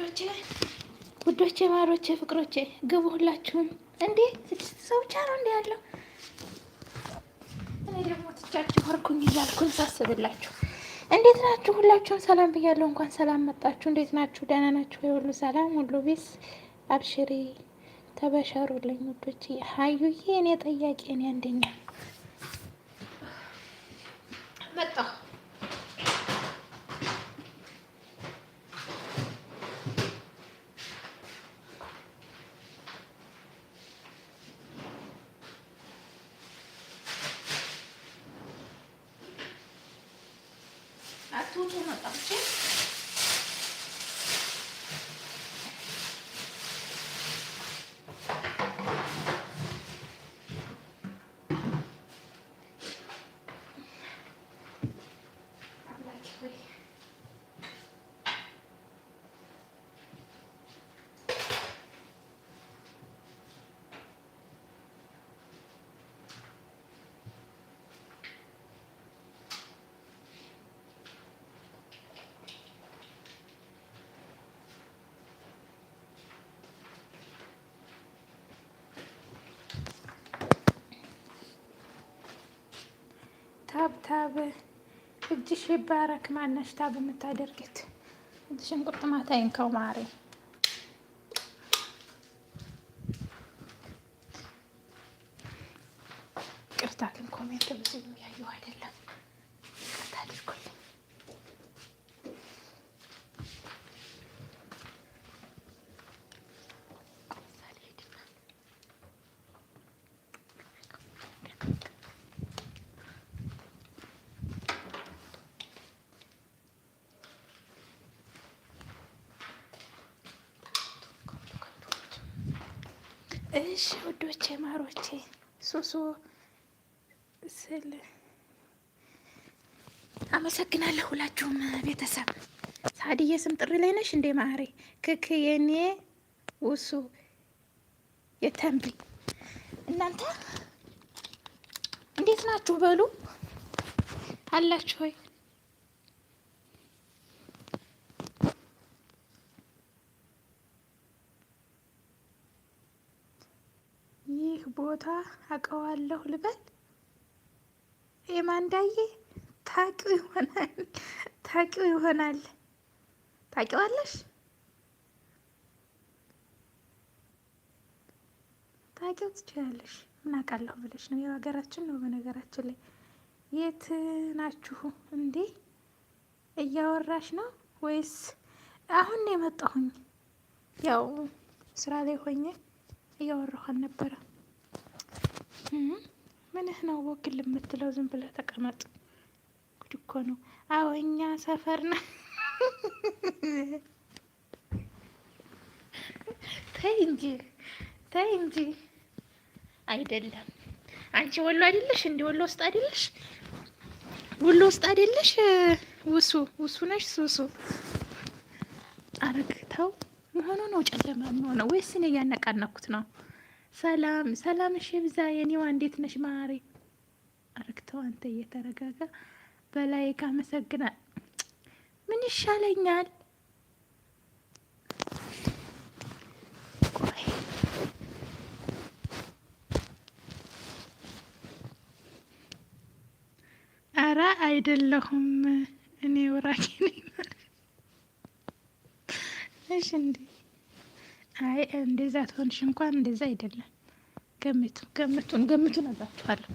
ውዶቼ ውዶቼ ማሮቼ ፍቅሮቼ ግቡ ሁላችሁም። እንዴ ስድስት ሰው ብቻ ነው እንዲ ያለው። እኔ ደግሞ ትቻችሁ ወርኩኝ እያልኩን ሳስብላችሁ እንዴት ናችሁ? ሁላችሁም ሰላም ብያለሁ። እንኳን ሰላም መጣችሁ። እንዴት ናችሁ? ደህና ናችሁ? የሁሉ ሰላም ሁሉ ቢስ አብሽሪ ተበሸሩልኝ ውዶች። ሀዩዬ እኔ ጠያቂ እኔ አንደኛ መጣሁ 소주는 딱지? ታብ እጅሽ ይባረክ። ማነሽ ታብ የምታደርጊት እጅሽን ቁርጥማት አይንከው ማሬ እሺ ውዶቼ ማሮቼ ሶሶ ስል አመሰግናለሁ ሁላችሁም ቤተሰብ። ሳድዬ ስም ጥሪ ላይ ነሽ እንዴ ማሬ? ክክ የኔ ውሱ የተንቢ እናንተ እንዴት ናችሁ? በሉ አላችሁ ሆይ ቦታ አውቀዋለሁ ልበል? የማንዳዬ ታቂው ይሆናል ታቂው ይሆናል ታቂዋለሽ ታቂው ትችላለሽ። ምን አውቃለሁ ብለሽ ነው? የሀገራችን ነው። በነገራችን ላይ የት ናችሁ እንዴ? እያወራሽ ነው ወይስ አሁን የመጣሁኝ? ያው ስራ ላይ ሆኜ እያወራሁ አልነበረም። ምንህ ነው ወክል የምትለው? ዝም ብለህ ተቀመጥ። ጉድ እኮ ነው። አዎ እኛ ሰፈር ነ ተይ እንጂ ተይ እንጂ። አይደለም አንቺ ወሎ አይደለሽ? እንዲ ወሎ ውስጥ አይደለሽ? ወሎ ውስጥ አይደለሽ? ውሱ ውሱ ነሽ? ሱሱ አረግተው መሆኑ ነው ጨለማ መሆኑ ነው ወይስ እኔ እያነቃነኩት ነው? ሰላም ሰላም፣ እሺ ብዛ የኔዋ፣ እንዴት ነሽ ማሪ? አርግተው አንተ እየተረጋጋ በላይ ካመሰግናል። ምን ይሻለኛል? አረ አይደለሁም እኔ ወራኪ ነኝ። እሺ እንዴ አይ እንደዛ ትሆንሽ እንኳን እንደዛ አይደለም። ገምቱ ገምቱን ገምቱን አላችኋለሁ።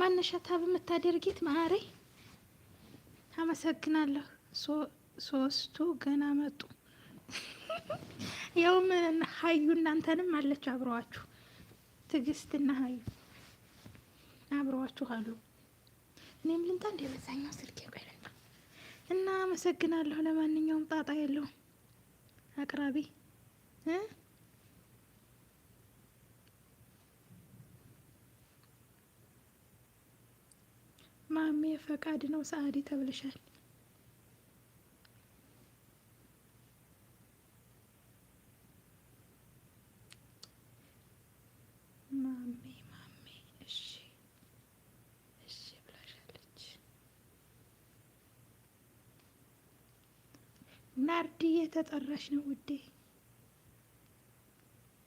ማነሻታ በምታደርጊት ማሪ አመሰግናለሁ። ሶስቱ ገና መጡ። ያውም ሀዩ እናንተንም አለች አብረዋችሁ ትዕግስትና ሀዩ አብረዋችሁ አሉ። እኔም ልንጣ እንደ በዛኛው ስልክ ይቆይልና እና አመሰግናለሁ። ለማንኛውም ጣጣ የለውም አቅራቢ ማሜ ፈቃድ ነው ሰአዲ ተብልሻል። ማሜ ማሜ ብላሻለች። ናርዲ የተጠራሽ ነው ውዴ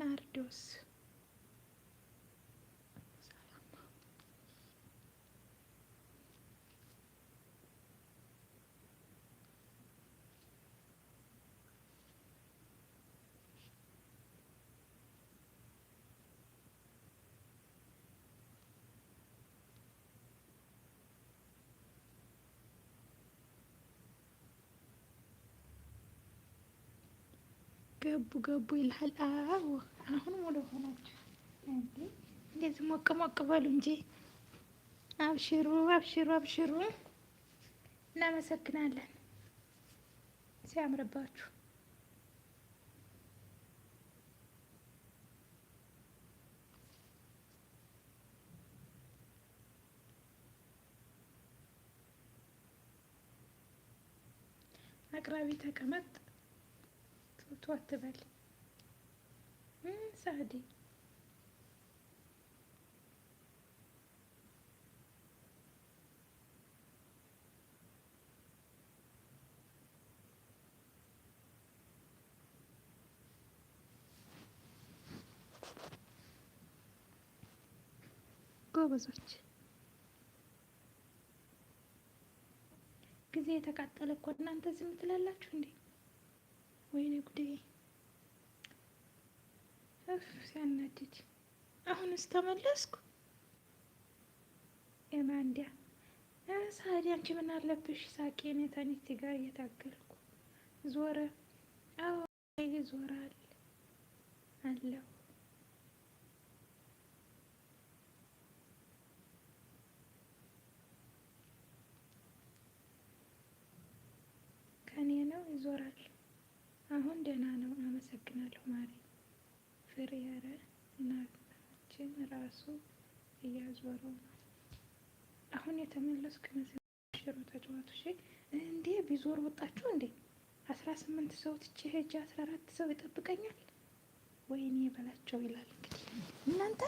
ናርዶስ ገቡ ገቡ ይልሃል። አዎ አሁን ሙሉ ሆናችሁ እንዴ! እንደዚህ ሞቅ ሞቅ በሉ እንጂ። አብሽሩ አብሽሩ አብሽሩ። እናመሰግናለን። ሲያምርባችሁ አቅራቢ ተቀመጥ ቱ አትበል ሳዲ ጎበዞች ጊዜ የተቃጠለ እኮ እናንተ ዝም ትላላችሁ እንዴ? ወይኔ ጉዴ ሲያናድድ። አሁንስ ተመለስኩ። ኤማንዲያ ሳዲ አንቺ ምን አለብሽ? ሳቄን የተኒቲ ጋር እየታገልኩ ዞረ። አዎ ዞራል አለው። ከኔ ነው ይዞራል አሁን ደህና ነው፣ አመሰግናለሁ ማሪ ፍሬ። ኧረ እናታችን ራሱ እያዞረው ነው። አሁን የተመለሱ መሰለኝ። ሽሮ ተጫዋቶች እንዴ ቢዞር ወጣችሁ እንዴ? አስራ ስምንት ሰው ትቼ ሄጄ አስራ አራት ሰው ይጠብቀኛል። ወይኔ በላቸው ይላል እንግዲህ እናንተ።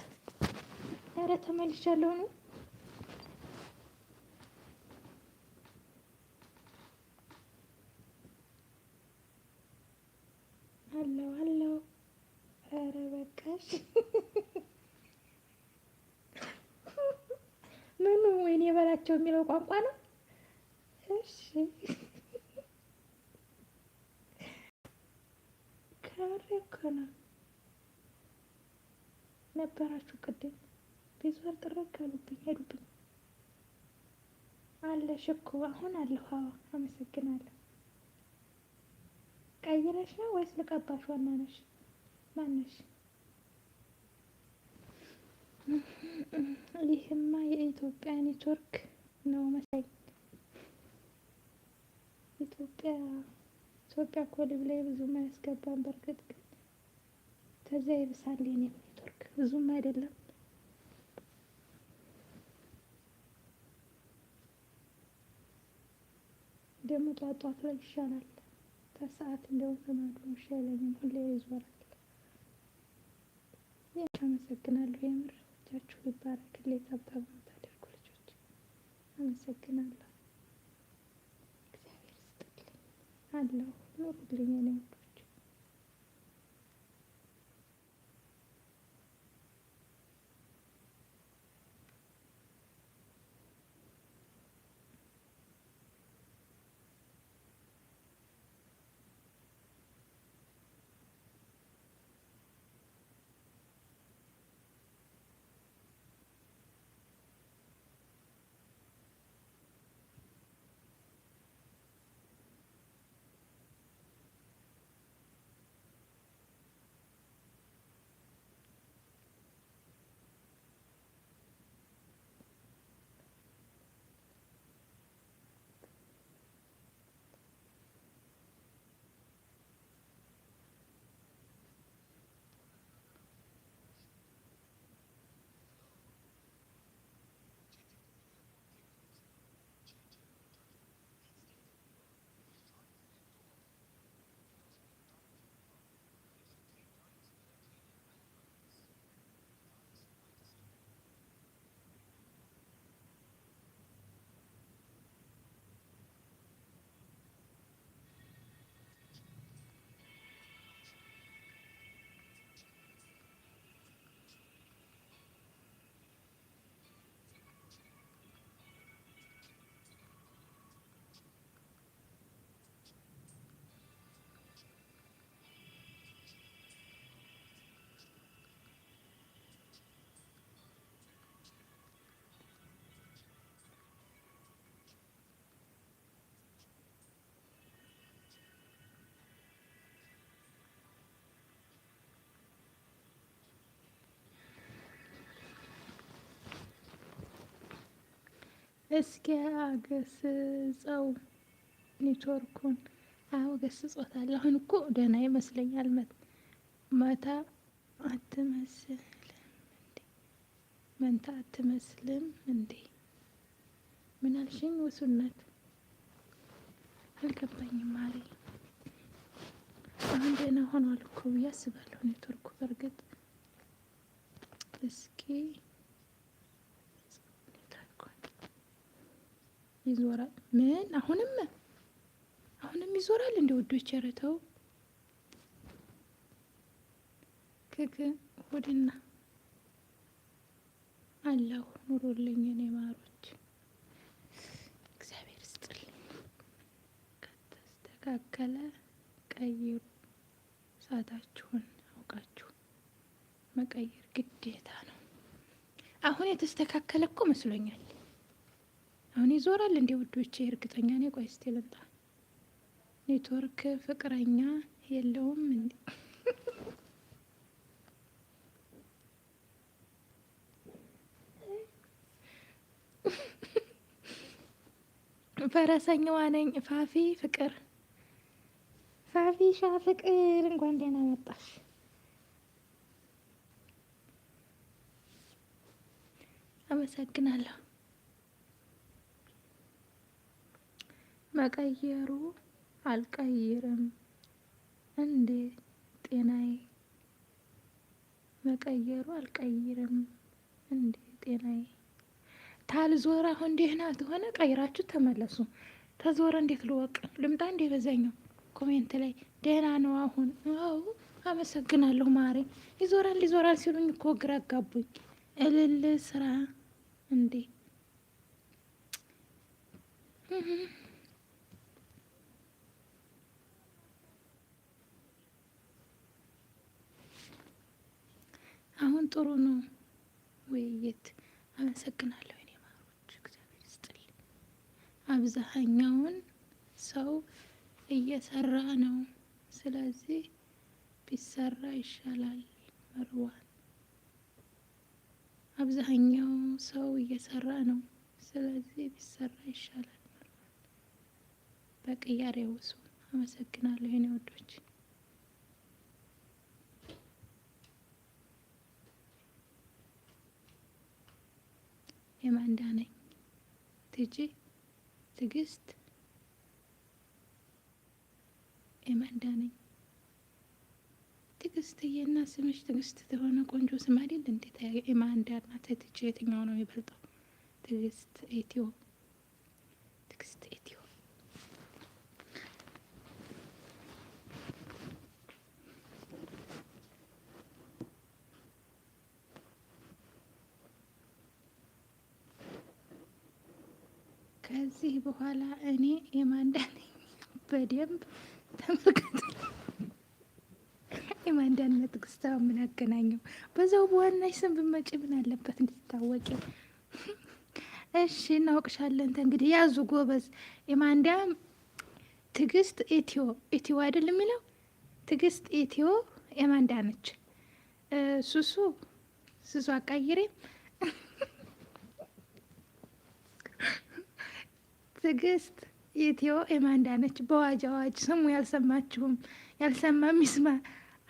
ኧረ ተመልሻለሁ ነው ናቸው የሚለው ቋንቋ ነው። እሺ ከሬ እኮ ነበራችሁ ቅድም ቤቱ አልጠረግ ያሉብኝ ሄዱብኝ አለሽ እኮ አሁን አለሁ። አመሰግናለሁ። ቀይረሽ ነው ወይስ ልቀባሽ? ዋና ነሽ ማነሽ? ይህማ የኢትዮጵያ ኔትወርክ ነው መሰለኝ። ኢትዮጵያ ኢትዮጵያ ኮሊብ ላይ ብዙም አያስገባም። በእርግጥ ግን ከዛ ይብሳል የኔ ኔትወርክ ብዙም አይደለም። ደግሞ ጧት ጧት ላይ ይሻላል። ከሰዓት እንደውም ተመልሶ ይሻለኛል። ሁሌ ይዞራል። አመሰግናለሁ። የምር ብቻችሁ ይባረክልኝ። አመሰግናለሁ። እግዚአብሔር ይስጥልኝ አለሁ ኑሩልኝ። እስኪ አገስጸው ኔትወርኩን። አዎ ገስጾታለሁ። አሁን እኮ ደህና ይመስለኛል። መታ አትመስልም እንዴ? መንታ አትመስልም እንዴ? ምን አልሽኝ? ውሱነት አልገባኝም አለ። አሁን ደህና ሆኗል እኮ ብዬ አስባለሁ ኔትወርኩ በእርግጥ እስኪ ይዞራል። ምን አሁንም አሁንም ይዞራል እንደ ወዶች ያረተው ክክ ሆድና አላሁ ኑሮልኝ እኔ ማሮች እግዚአብሔር ስጥልኝ። ከተስተካከለ ቀይሩ እሳታችሁን አውቃችሁ መቀየር ግዴታ ነው። አሁን የተስተካከለ እኮ መስሎኛል። አሁን ይዞራል እንዴ ውዶቼ? እርግጠኛ ነኝ። ቆይ እስቲ ልምጣ። ኔትወርክ ፍቅረኛ የለውም እንዴ? ፈረሰኛዋ ነኝ ፋፊ ፍቅር ፋፊ ሻ ፍቅር እንኳን ደህና መጣሽ። አመሰግናለሁ። መቀየሩ አልቀይርም እንዴ ጤናዬ መቀየሩ አልቀይርም እንዴ ጤናዬ ታልዞረ አሁን ደህና ተሆነ ቀይራችሁ ተመለሱ። ተዞረ እንዴት ልወቅ ልምጣ እንዴ በዛኛው ኮሜንት ላይ ደህና ነው አሁን ው አመሰግናለሁ ማሬ ይዞራል ይዞራል ሲሉኝ እኮ ግራ አጋቡኝ። እልል ስራ እንዴ አሁን ጥሩ ነው። ውይይት አመሰግናለሁ። እኔ ማሮች እግዚአብሔር ይስጥልኝ። አብዛሀኛውን ሰው እየሰራ ነው። ስለዚህ ቢሰራ ይሻላል። መርዋን አብዛሀኛው ሰው እየሰራ ነው። ስለዚህ ቢሰራ ይሻላል። መርዋን በቅያሬ ውሱ አመሰግናለሁ። እኔ ወዶች የማንዳ ነኝ። ትጂ ትግስት የማንዳ ነኝ። ትግስትዬ እና ስምሽ ትግስት ተሆነ ቆንጆ ስም አይደል? እንዴት የማንዳ እና ትጂ የትኛው ነው የሚበልጠው? ትግስት ኢትዮ በኋላ እኔ የማንዳ በደንብ ተመልከቱ። የማንዳንነት ግስታ ምን አገናኘው? በዛው በዋናሽ ስም ብመጪ ምን አለበት እንድትታወቂ። እሺ እናውቅሻለን። እንግዲህ ያዙ ጎበዝ። የማንዳ ትግስት ኢትዮ ኢትዮ አይደል የሚለው ትግስት ኢትዮ የማንዳ ነች። ሱሱ ሱሱ አቃይሬም ትዕግስት ኢትዮ ኤማንዳ ነች። በዋጅ አዋጅ ስሙ ያልሰማችሁም ያልሰማ ሚስማ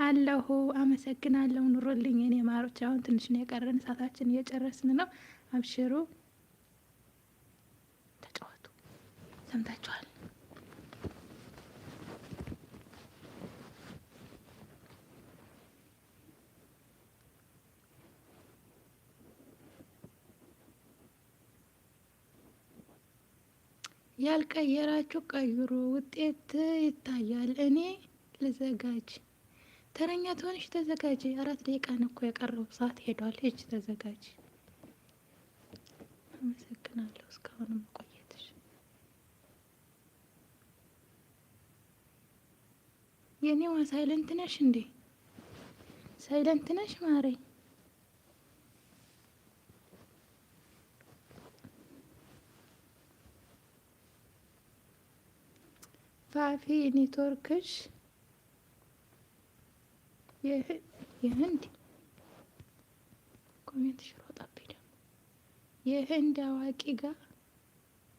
አለሁ። አመሰግናለሁ። ኑሮልኝ የኔ ማሮች። አሁን ትንሽ ነው የቀረን፣ እሳታችን እየጨረስን ነው። አብሽሩ፣ ተጫወቱ። ሰምታችኋል። ያልቀየራችሁ ቀይሩ፣ ውጤት ይታያል። እኔ ልዘጋጅ። ተረኛ ትሆንሽ፣ ተዘጋጅ። አራት ደቂቃ ነኮ እኮ የቀረው፣ ሰዓት ሄዷል። ሂጅ፣ ተዘጋጅ። አመሰግናለሁ እስካሁን መቆየትሽ። የኔዋ ሳይለንት ነሽ እንዴ? ሳይለንት ነሽ ማሬ ሰፋፊ ኔትወርክሽ የህንድ ኮሜንት ሮጣብኝ ደግሞ የህንድ አዋቂ ጋር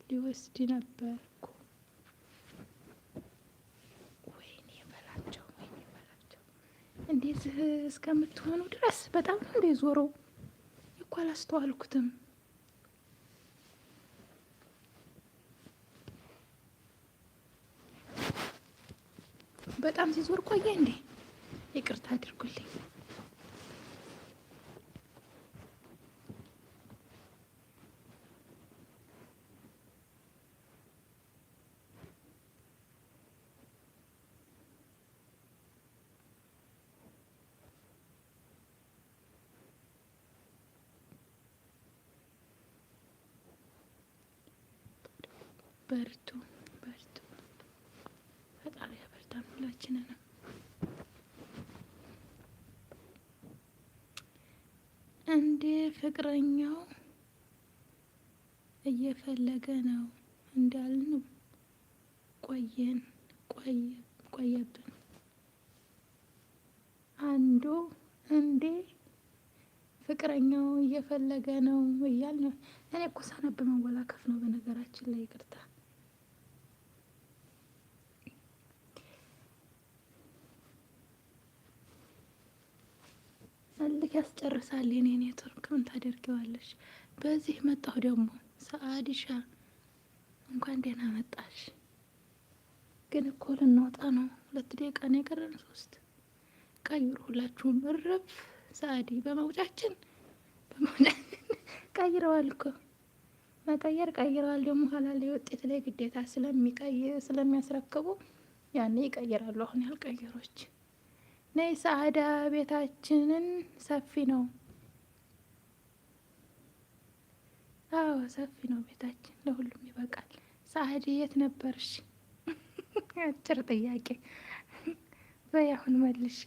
ሊወስድ ነበር በላቸው እንዴት እስከምትሆኑ ድረስ በጣም ነው እንደ ዞረው እኮ አላስተዋልኩትም በጣም ሲዞር ቆየ እንዴ? ይቅርታ አድርጉልኝ። በርቱ። ይሰጠን ሁላችንንም። እንዴ ፍቅረኛው እየፈለገ ነው እንዳልንም ቆየን ቆየብን። አንዱ እንዴ ፍቅረኛው እየፈለገ ነው እያልን እኔ እኮ ሳነብ መወላከፍ ነው በነገራችን ላይ ይቅርታ ሲፈልግ ያስጨርሳል። የኔ ኔትወርክ ምን ታደርጊዋለሽ? በዚህ መጣሁ ደግሞ ሰአዲሻ እንኳን ደህና መጣሽ። ግን እኮ ልንወጣ ነው። ሁለት ደቂቃ ነው የቀረን። ሶስት ቀይሩ ሁላችሁም። እረፍ ሰአዲ በመውጫችን በመውጫችን ቀይረዋል እኮ መቀየር ቀይረዋል። ደግሞ ኋላ ላይ ውጤት ላይ ግዴታ ስለሚቀይ ስለሚያስረክቡ ያኔ ይቀይራሉ። አሁን ያልቀየሮች ነይ ሰአዳ ቤታችንን ሰፊ ነው። አዎ ሰፊ ነው ቤታችን፣ ለሁሉም ይበቃል። ሰአዲ የት ነበርሽ? አጭር ጥያቄ በያሁን መልሽ።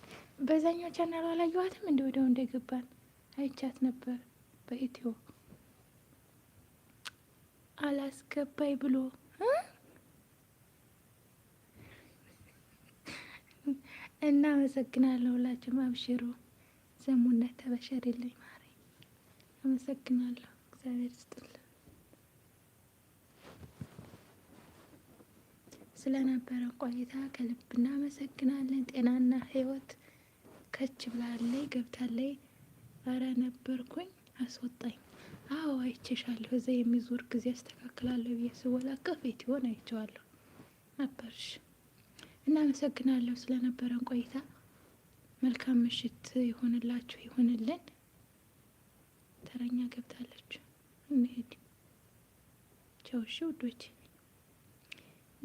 በዛኛው ቻናል አላየኋትም፣ እንደ ወደው እንደገባን አይቻት ነበር። በኢትዮ አላስገባኝ ብሎ እና አመሰግናለሁ። ሁላችሁም አብሽሩ። ዘሙነት ተበሸሪልኝ ማሪ። አመሰግናለሁ። እግዚአብሔር ስጥል ስለነበረን ቆይታ ከልብ እናመሰግናለን። ጤናና ህይወት ከች ብላለይ ገብታለይ። ኧረ ነበርኩኝ አስወጣኝ። አዎ አይቼሻለሁ። እዛ የሚዞር ጊዜ አስተካክላለሁ ብዬ ስወላቀፍ የት ይሆን አይቼዋለሁ ነበርሽ እናመሰግናለሁ ስለነበረን ቆይታ። መልካም ምሽት ይሆንላችሁ ይሆንልን። ተረኛ ገብታለች እንሄድ። ቻው ውዶች፣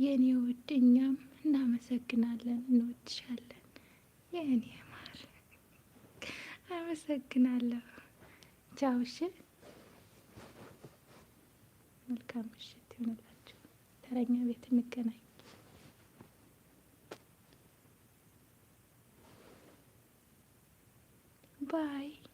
የእኔ ውድ፣ እኛም እናመሰግናለን፣ እንወድሻለን። የእኔ ማር አመሰግናለሁ። ቻውሽ መልካም ምሽት ይሆንላችሁ። ተረኛ ቤት እንገናኝ። Bye.